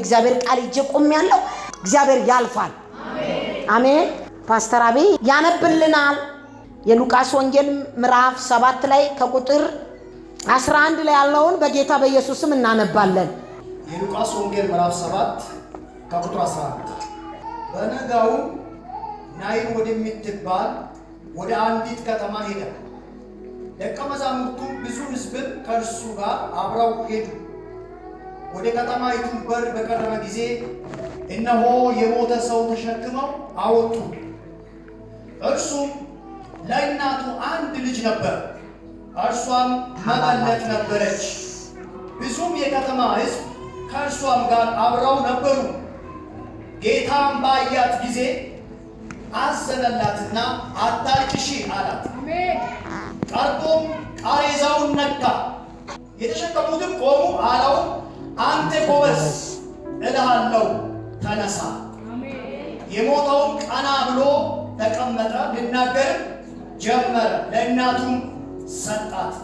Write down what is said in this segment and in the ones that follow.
እግዚአብሔር ቃል ይዤ ያለው እግዚአብሔር ያልፋል። አሜን። ፓስተር አቤ ያነብልናል። የሉቃስ ወንጌል ምዕራፍ ሰባት ላይ ከቁጥር 11 ላይ ያለውን በጌታ በኢየሱስም እናነባለን። የሉቃስ ወንጌል ምዕራፍ 7 ከቁጥር 11 በነጋው ናይን ወደምትባል ወደ አንዲት ከተማ ሄደ። ደቀ መዛሙርቱ ብዙ ሕዝብን ከእርሱ ጋር አብረው ሄዱ። ወደ ከተማይቱ በር በቀረበ ጊዜ እነሆ የሞተ ሰው ተሸክመው አወጡ። እርሱም ለእናቱ አንድ ልጅ ነበር፣ እርሷም መበለት ነበረች። ብዙም የከተማ ሕዝብ ከእርሷም ጋር አብረው ነበሩ። ጌታም ባያት ጊዜ አዘነላትና አታልቅሺ አላት። ቀርቶም ቃሬዛውን ነካ፣ የተሸከሙትም ቆሙ፣ አለውም አንተ ጎበዝ እልሃለሁ ተነሳ። የሞተውን ቀና ብሎ ተቀመጠ፣ ሊናገር ጀመረ። ለእናቱም ሰጣት።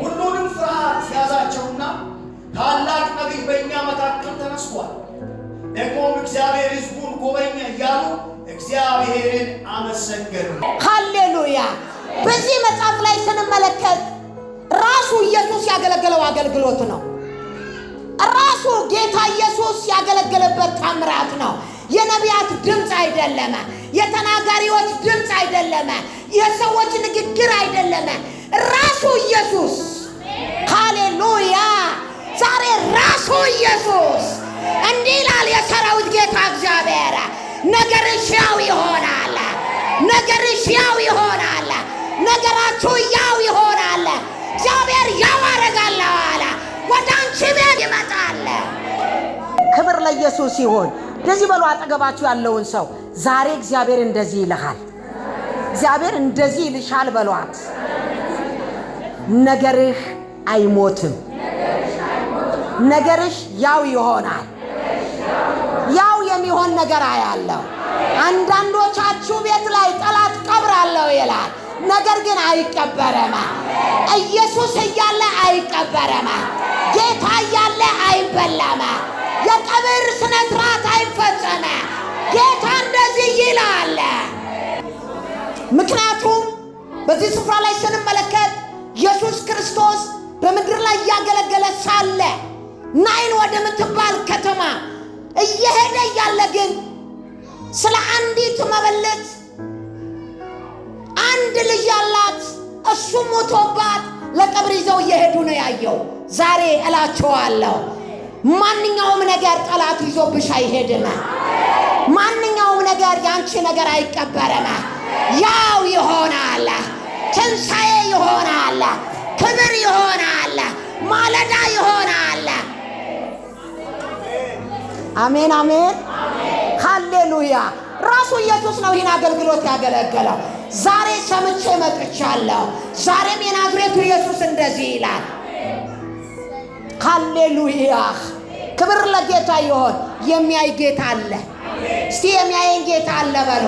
ሁሉንም ፍርሃት ያዛቸውና ታላቅ ነቢይ በእኛ መካከል ተነስቷል፣ ደግሞም እግዚአብሔር ሕዝቡን ጎበኘ እያሉ እግዚአብሔርን አመሰገኑ። ሃሌሉያ! በዚህ መጽሐፍ ላይ ስንመለከት ራሱ ኢየሱስ ያገለገለው አገልግሎት ነው። ራሱ ጌታ ኢየሱስ ያገለገለበት ታምራት ነው። የነቢያት ድምፅ አይደለም የተናጋሪዎች ድምፅ አይደለም የሰዎች ንግግር አይደለም ራሱ ኢየሱስ። ሃሌሉያ! ዛሬ ራሱ ኢየሱስ እንዲህ ይላል፣ የሰራዊት ጌታ እግዚአብሔር ነገርሽ ያው ይሆናል፣ ነገርሽ ያው ይሆናል፣ ነገራችሁ ያው ይሆናል። እግዚአብሔር ያው ኢየሱስ ይሁን። እንደዚህ በሉ አጠገባችሁ ያለውን ሰው ዛሬ እግዚአብሔር እንደዚህ ይልሃል፣ እግዚአብሔር እንደዚህ ይልሻል በሏት። ነገርህ አይሞትም፣ ነገርሽ ያው ይሆናል። ያው የሚሆን ነገር አያለሁ። አንዳንዶቻችሁ ቤት ላይ ጠላት ቀብራለሁ ይላል፣ ነገር ግን አይቀበረም። ኢየሱስ እያለ አይቀበረም። ጌታ እያለ አይበላም። የቀብር ስነ ስርዓት አይፈጸመ። ጌታ እንደዚህ ይላል። ምክንያቱም በዚህ ስፍራ ላይ ስንመለከት ኢየሱስ ክርስቶስ በምድር ላይ እያገለገለ ሳለ ናይን ወደምትባል ከተማ እየሄደ እያለ ግን ስለ አንዲት መበለት አንድ ልጅ ያላት እሱ ሞቶባት ለቀብር ይዘው እየሄዱ ነው ያየው። ዛሬ እላችኋለሁ ማንኛውም ነገር ጠላት ይዞብሽ አይሄድም። ማንኛውም ነገር የአንቺ ነገር አይቀበርም። ያው ይሆናል፣ ትንሣኤ ይሆናል፣ ክብር ይሆናል፣ ማለዳ ይሆናል። አሜን አሜን፣ ሃሌሉያ። ራሱ ኢየሱስ ነው ይህን አገልግሎት ያገለገለው። ዛሬ ሰምቼ መጥቻለሁ። ዛሬም የናዝሬቱ ኢየሱስ እንደዚህ ይላል። ሃሌሉያ ክብር ለጌታ ይሆን። የሚያይ ጌታ አለ። እስቲ የሚያየን ጌታ አለ በሎ።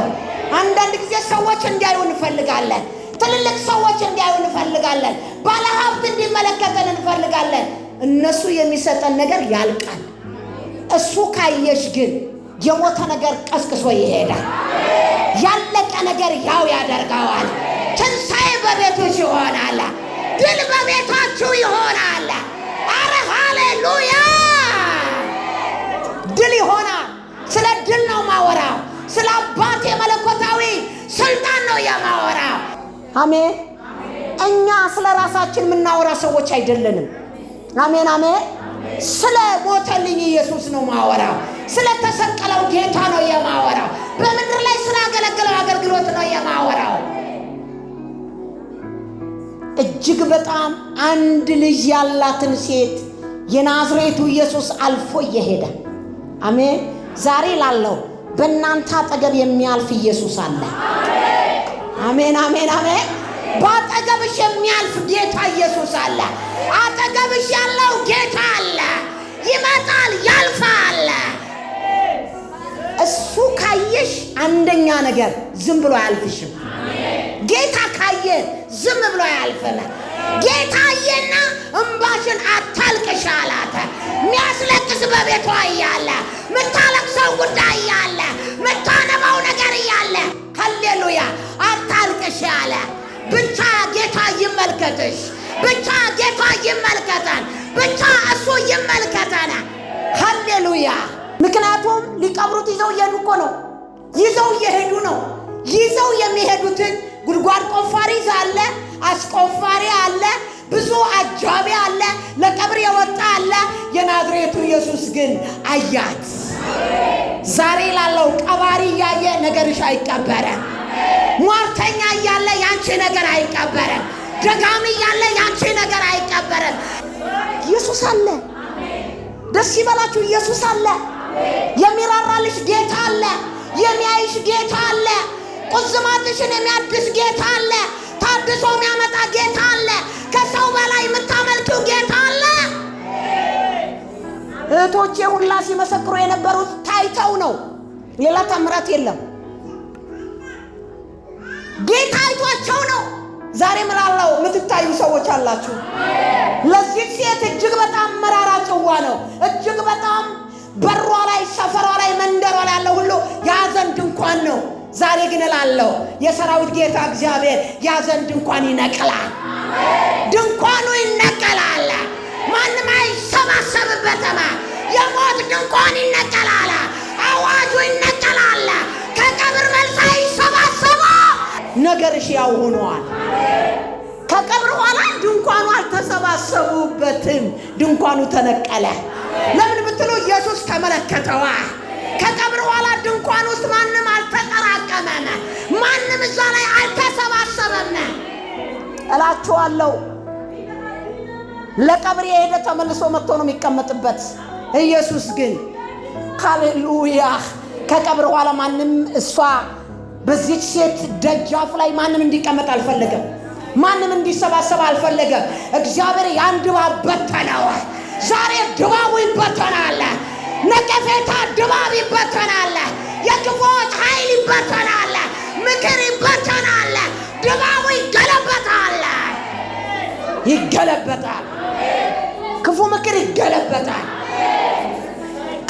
አንዳንድ ጊዜ ሰዎች እንዲያዩ እንፈልጋለን። ትልልቅ ሰዎች እንዲያዩ እንፈልጋለን። ባለሀብት እንዲመለከተን እንፈልጋለን። እነሱ የሚሰጠን ነገር ያልቃል። እሱ ካየሽ ግን የሞተ ነገር ቀስቅሶ ይሄዳል። ያለቀ ነገር ያው ያደርገዋል። ትንሣኤ በቤቶች ይሆናል። ድል በቤታችሁ ይሆናል። አረ ሃሌሉያ! ስለ ድል ነው ማወራው። ስለ አባት የመለኮታዊ ስልጣን ነው የማወራው። አሜን። እኛ ስለ ራሳችን የምናወራ ሰዎች አይደለንም። አሜን፣ አሜን። ስለ ሞተልኝ ኢየሱስ ነው ማወራው። ስለ ተሰቀለው ጌታ ነው የማወራው። በምድር ላይ ስላገለገለው አገልግሎት ነው የማወራው። እጅግ በጣም አንድ ልጅ ያላትን ሴት የናዝሬቱ ኢየሱስ አልፎ እየሄደ አሜን ዛሬ ላለው በእናንተ አጠገብ የሚያልፍ ኢየሱስ አለ። አሜን፣ አሜን፣ አሜን። በአጠገብሽ የሚያልፍ ጌታ ኢየሱስ አለ። አጠገብሽ ያለው ጌታ አለ። ይመጣል፣ ያልፋል። እሱ ካየሽ አንደኛ ነገር ዝም ብሎ አያልፍሽም። ጌታ ካየ ዝም ብሎ አያልፍም። ጌታ ጌታዬና እምባሽን አታልቅሽ አላት። የሚያስለቅስ በቤቷ እያለ ምታለቅሰው ጉዳይ እያለ ምታነባው ነገር እያለ ሀሌሉያ አታልቅሽ አለ። ብቻ ጌታ ይመልከትሽ፣ ብቻ ጌታ ይመልከተን፣ ብቻ እሱ ይመልከተን። ሀሌሉያ ምክንያቱም ሊቀብሩት ይዘው እየሄዱ እኮ ነው። ይዘው እየሄዱ ነው። ይዘው የሚሄዱትን ጉድጓድ ቆፋሪ አለ፣ አስቆፋሪ አለ፣ ብዙ አጃቢ አለ፣ ለቀብር የወጣ አለ። የናዝሬቱ ኢየሱስ ግን አያት። ዛሬ ላለው ቀባሪ እያየ ነገርሽ አይቀበረም። ሟርተኛ እያለ ያንቺ ነገር አይቀበረም። ደጋሚ እያለ ያንቺ ነገር አይቀበረም። ኢየሱስ አለ። ደስ ይበላችሁ። ኢየሱስ አለ። የሚራራልሽ ጌታ አለ። የሚያይሽ ጌታ አለ። ቁዝማትሽን የሚያድስ ጌታ አለ። ታድሶ የሚያመጣ ጌታ አለ። ከሰው በላይ የምታመልኪው ጌታ አለ። እህቶቼ ሁላ ሲመሰክሩ የነበሩት ታይተው ነው። ሌላ ተምረት የለም። ጌታ አይቷቸው ነው። ዛሬ ምናለው የምትታዩ ሰዎች አላችሁ። ለዚህ ሴት እጅግ በጣም መራራ ጽዋ ነው። እጅግ በጣም በሯ ላይ፣ ሰፈሯ ላይ፣ መንደሯ ላይ ያለው ሁሉ የሀዘን ድንኳን ነው። ዛሬ ግን እላለሁ የሰራዊት ጌታ እግዚአብሔር ያዘን ድንኳን ይነቀላል። ድንኳኑ ይነቀላል፣ ማንም አይሰባሰብበትም። የሞት ድንኳን ይነቀላል፣ አዋጁ ይነቀላል። ከቀብር መልስ አይሰባሰበ ነገርሽ ያው ሆኗል። ከቀብር ኋላ ድንኳኑ አልተሰባሰቡበትም፣ ድንኳኑ ተነቀለ። ለምን ብትሉ ኢየሱስ ተመለከተዋ። ከቀብር ኋላ ድንኳን ውስጥ ማንም አልተሸከመን፣ ማንም እዛ ላይ አልተሰባሰበም። እላችኋለሁ። ለቀብር የሄደ ተመልሶ መጥቶ ነው የሚቀመጥበት። ኢየሱስ ግን ሃሌሉያ ከቀብር በኋላ ማንም እሷ በዚች ሴት ደጃፍ ላይ ማንም እንዲቀመጥ አልፈለገም። ማንም እንዲሰባሰብ አልፈለገም። እግዚአብሔር ያን ድባብ በተነው። ዛሬ ድባቡ ይበተናል። ነቀፌታ ድባብ ይበተናል። የክፉዎች ኃይል ይበተናል። ምክር ይበተናል። ድባቡ ይገለበታል ይገለበጣል። ክፉ ምክር ይገለበጣል።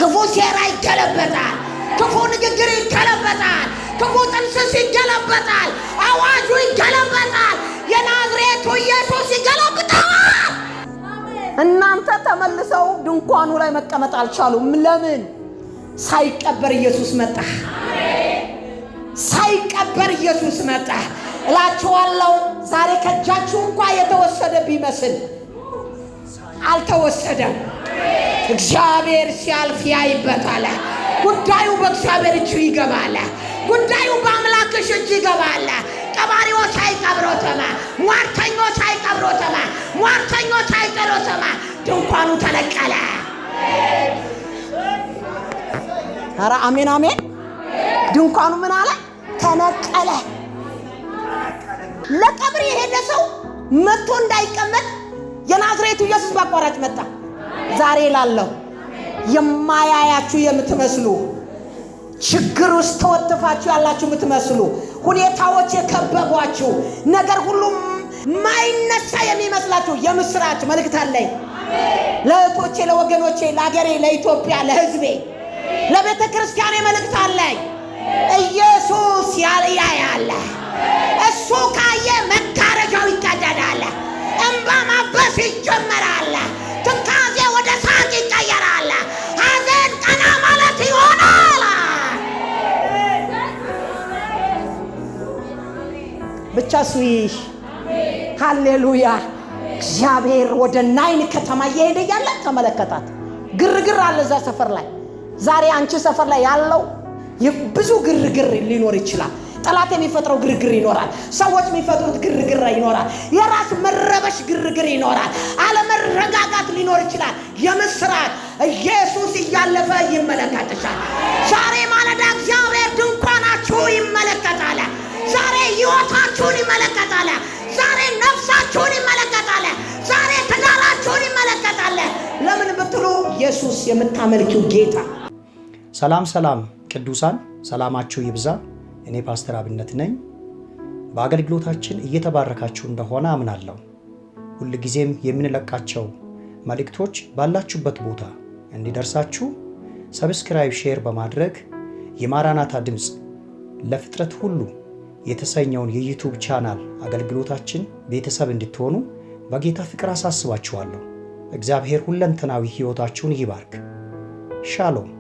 ክፉ ሴራ ይገለበጣል። ክፉ ንግግር ይገለበጣል። ክፉ ጥንስስ ይገለበጣል። አዋጁ ይገለበጣል። የናዝሬቱ ኢየሱስ ይገለብጠዋል። እናንተ ተመልሰው ድንኳኑ ላይ መቀመጥ አልቻሉም። ለምን? ሳይቀበር ኢየሱስ መጣ። ሳይቀበር ኢየሱስ መጣ እላችኋለሁ። ዛሬ ከእጃችሁ እንኳ የተወሰደ ቢመስል አልተወሰደም። እግዚአብሔር ሲያልፍ ያይበታል። ጉዳዩ በእግዚአብሔር እጅ ይገባል። ጉዳዩ በአምላክሽ እጅ ይገባል። ቀባሪዎች አይቀብሮትም፣ ሟርተኞች አይቀብሮትም፣ ሟርተኞች አይቀብሮትም። ድንኳኑ ተለቀለ። ኧረ አሜን አሜን። ድንኳኑ ምን አለ? ተነቀለ። ለቀብር የሄደ ሰው መጥቶ እንዳይቀመጥ የናዝሬቱ ኢየሱስ በአቋራጭ መጣ። ዛሬ ላለው የማያያችሁ የምትመስሉ ችግር ውስጥ ተወጥፋችሁ ያላችሁ የምትመስሉ ሁኔታዎች የከበቧችሁ ነገር ሁሉ ማይነሳ የሚመስላችሁ የምስራች መልእክት አለኝ ለእህቶቼ፣ ለወገኖቼ፣ ለአገሬ፣ ለኢትዮጵያ፣ ለህዝቤ ለቤተ ክርስቲያን የመልእክት አለኝ። ኢየሱስ ያያያለ እሱ ካየ መጋረጃው ይቀደዳል። እንባ ማበስ ይጀመራል። ትካዜ ወደ ሳቅ ይቀየራል። ሐዘን ቀና ማለት ይሆናል። ብቻ ይሽ ሃሌሉያ። እግዚአብሔር ወደ ናይን ከተማ እየሄደ እያለ ተመለከታት። ግርግር አለ እዛ ሰፈር ላይ ዛሬ አንቺ ሰፈር ላይ ያለው ብዙ ግርግር ሊኖር ይችላል። ጠላት የሚፈጥረው ግርግር ይኖራል። ሰዎች የሚፈጥሩት ግርግር ይኖራል። የራስ መረበሽ ግርግር ይኖራል። አለመረጋጋት ሊኖር ይችላል። የምስራት ኢየሱስ እያለፈ ይመለከትሻል። ዛሬ ማለዳ እግዚአብሔር ድንኳናችሁ ይመለከታል። ዛሬ ሕይወታችሁን ይመለከታል። ዛሬ ነፍሳችሁን ይመለከታል። ዛሬ ትዳራችሁን ይመለከታል። ለምን ብትሉ ኢየሱስ የምታመልኪው ጌታ ሰላም ሰላም ቅዱሳን፣ ሰላማችሁ ይብዛ። እኔ ፓስተር አብነት ነኝ። በአገልግሎታችን እየተባረካችሁ እንደሆነ አምናለሁ። ሁልጊዜም የምንለቃቸው መልእክቶች ባላችሁበት ቦታ እንዲደርሳችሁ ሰብስክራይብ፣ ሼር በማድረግ የማራናታ ድምፅ ለፍጥረት ሁሉ የተሰኘውን የዩቱብ ቻናል አገልግሎታችን ቤተሰብ እንድትሆኑ በጌታ ፍቅር አሳስባችኋለሁ። እግዚአብሔር ሁለንተናዊ ሕይወታችሁን ይባርክ። ሻሎም